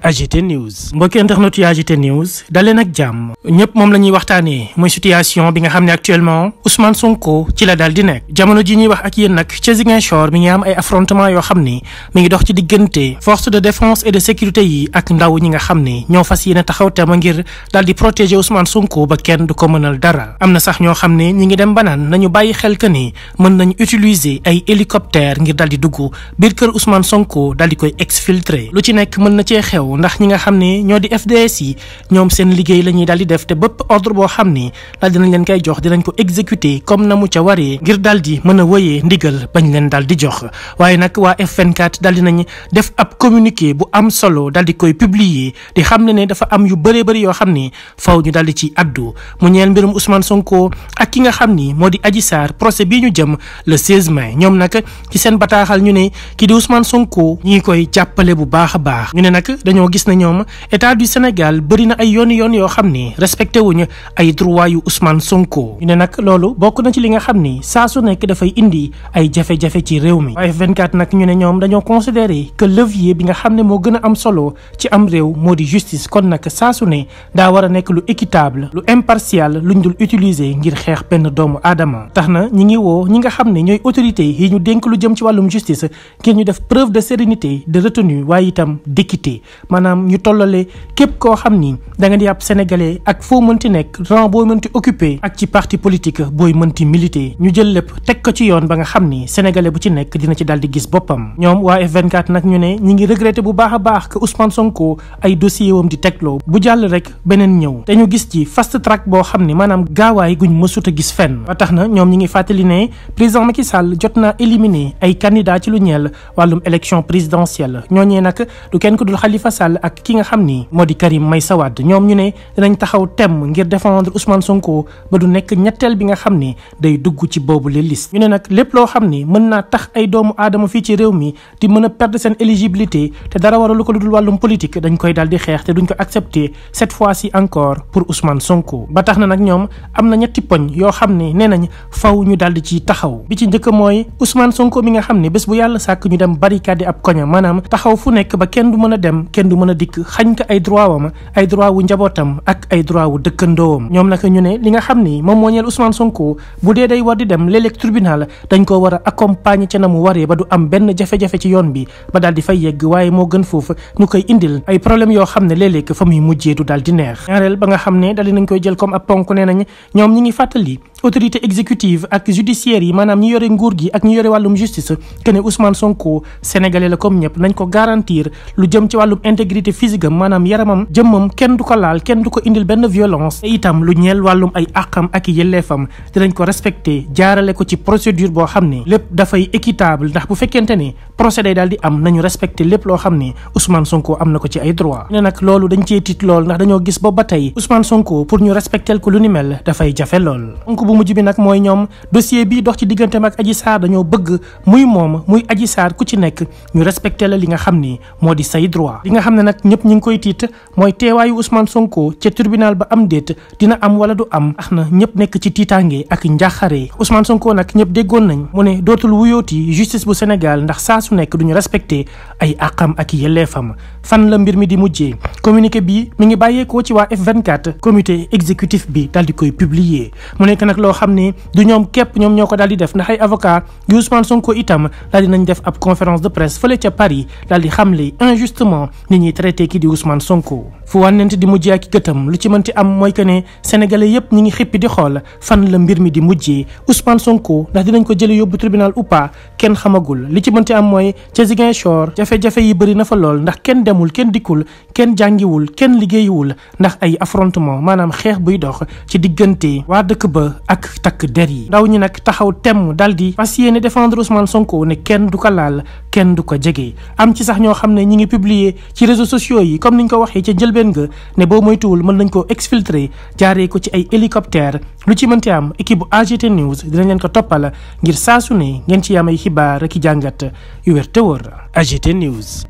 AGT News mbokki internet yu AGT News dalee nag jàmm ñëpp moom la ñuy waxtaanee mooy situation bi nga xam ne actuellement Ousmane Sonko ci la daal di nekk jamono ji ñuy wax ak yéen nag ca Ziguinchor mi ngi am ay affrontement yoo xam ni mi ngi dox ci diggante force de défense et de sécurité yi ak ndaw ñi nga xam ne ñoo fas yéene taxaw te ma ngir daal di protéger Ousmane Sonko ba kenn du ko mënal dara am na sax ñoo xam ne ñi ngi dem banaan nañu bàyyi xel que ni mën nañu utiliser ay hélicoptère ngir daal di dugg biir kër Ousmane Sonko daal di koy exfiltrer lu ci nekk mën na cee xew taxaw ndax ñi nga xam ne ñoo di FDS yi ñoom seen liggéey la ñuy daal di def te bépp ordre boo xam ne daal dinañ leen koy jox dinañ ko exécuter comme na mu ca waree ngir daal di mën a wëyee ndigal bañ leen daal di jox waaye nag waa F24 daal def ab communiqué bu am solo daal koy publier di xam ne ne dafa am yu bëree bëri yoo xam ne faw ñu daal ci addu mu ñeel mbirum Ousmane Sonko ak ki nga xam ni moo di Adji Sarr procès bii ñu jëm le 16 mai ñoom nag ci seen bataaxal ñu ne ki di a ñoo gis na ñoom état du Sénégal bëri na ay yooni yoon yoo xam ni respecté wuñu ay droit yu Ousmane Sonko ñu ne nag loolu bokk na ci li nga xam ni saa su nekk dafay indi ay jafe-jafe ci réew mi F24 nag ñu ne ñoom dañoo considéré que levier bi nga xam ne moo gën a am solo ci am réew moo di justice kon nag saa su ne daa war a nekk lu équitable lu impartial lu ñu dul utiliser ngir xeex benn doomu aadama tax na ñi ngi woo ñi nga xam ne ñooy autorité yi ñu dénk lu jëm ci wàllum justice ngir ñu def preuve de sérénité de retenue waaye itam d'équité maanaam ñu tollale képp koo xam ni da nga di ab sénégalais ak foo mënti nekk rang boo mënti occupé ak ci parti politique booy mënti milité ñu jël lépp teg ko ci yoon ba nga xam ni sénégalais bu ci nekk dina ci daal di gis boppam ñoom waa F24 nag ñu ne ñi ngi regretté bu baax a baax que Ousmane Sonko ay dossier di teglo bu jàll rek beneen ñëw te gis ci fast track boo xam ni maanaam gaawaay guñ mësut a gis fenn ba tax na ñoom ñi ngi fàttali ne président Macky Sall jot naa éliminer ay candidat ci lu ñeel wàllum élection présidentielle ñooñee nag Sall ak ki nga xam ni moo di Karim Meïssa Wade ñoom ñu ne dinañ taxaw temm ngir défendre Ousmane Sonko ba du nekk ñetteel bi nga xam ni day dugg ci boobu le ñu ne nag lépp loo xam ni mën naa tax ay doomu aadama fii ci réew mi di mën a perdre seen éligibilité te dara waralu ko lu dul wàllum politique dañ koy daal xeex te duñ ko accepter cette fois-ci encore pour Ousmane Sonko. ba tax na nag ñoom am na ñetti poñ yoo xam ne nee nañ faw ñu daal di ci taxaw bi ci njëkk mooy Ousmane Sonko mi nga xam ni a du mën a dikk xañ ko ay droit wam ak ay ñoom nag ñu ne li nga xam ni moom moo ñeel Ousmane Sonko bu dee day war di dem léeg-léeg tribunal dañ ko war a accompagner mu waree ba du am benn jafe ci yoon bi ba daal di fay yegg waaye moo gën foofu ñu koy indil ay problème yoo xam ne léeg-léeg fa muy mujjee du daal di neex ñaareel ba nga xam ne dali nañ koy jël comme ab ponk nee nañ ñoom ñi ngi fàttali autorité yi maanaam ñi yore nguur gi ak ñi yore wàllum justice que ne Ousmane Sonko sénégalais la comme ñëpp nañ ko garantir lu jëm ci wàllum intégrité physique am maanaam yaramam jëmmam kenn du ko laal kenn du ko indil benn violence te lu ñeel wàllum ay àqam ak i ko respecté jaarale ko ci procédure boo xam ne lépp dafay équitable ndax bu fekkente ni procédé daal di am nañu respecté lépp loo xam ne Ousmane Sonko am na ko ci ay droit ne nag loolu dañ cee tiit lool ndax dañoo gis boobu ba tey Ousmane Sonko pour ñu respecté ko lu ni mel dafay jafe lool donc bu mujj bi nag mooy ñoom dossier bi dox ci digganteem ak Adji Sarr dañoo bëgg muy moom muy Adji Sarr ku ci nekk ñu respecté la li nga xam ni moo di say droit xam ne nag ñëpp ngi koy tiit mooy teewaayu Ousmane Sonko ca tribunal ba am déet dina am wala du am ax na ñëpp nekk ci tiitaange ak njaaxare Ousmane Sonko nag ñëpp déggoon nañ mu ne dootul wuyooti justice bu Sénégal ndax saa su nekk duñu respecté ay àqam ak yelleefam fan la mbir mi di mujjee communiqué bi mi ngi bàyyeekoo ci waa F24 comité exécutif bi daal di koy publier mu nekk nag loo xam ne du ñoom képp ñoom ñoo ko daal di def ndax ay avocat yu Ousmane Sonko itam daal di nañ def ab conférence de presse fële ca Paris daal di xamle injustement ni ñuy traité kii di Ousmane Sonko. fu wànnent di mujjee ak gëtam lu ci mënti am mooy que ne sénégalais yëpp ñi ngi xippi di xool fan la mbir mi di mujjee Ousmane Sonko ndax dinañ ko jële yóbbu tribunal ou pas kenn xamagul li ci mënti am mooy ca Ziguinchor jafe-jafe yi bëri na fa lool ndax kenn demul kenn dikkul kenn jàngiwul kenn liggéeyiwul ndax ay affrontement maanaam xeex buy dox ci diggante waa dëkk ba ak takk der yi ndaw ñi nag taxaw temm dal di fas yéene défendre Ousmane Sonko ne kenn du ko laal kenn du ko jege am ci ñoo xam ne ñi ngi publier ci réseaux waxee ca njëlbeen nga ne boo moytuwul mën nañ koo exfiltrer jaaree ko ci ay hélicoptère lu ci mënti am équipe bu AGT News dinañ leen ko toppala ngir saasu ne ngeen ci am ay xibaar ak i jàngat yu wér te wóor AGT News.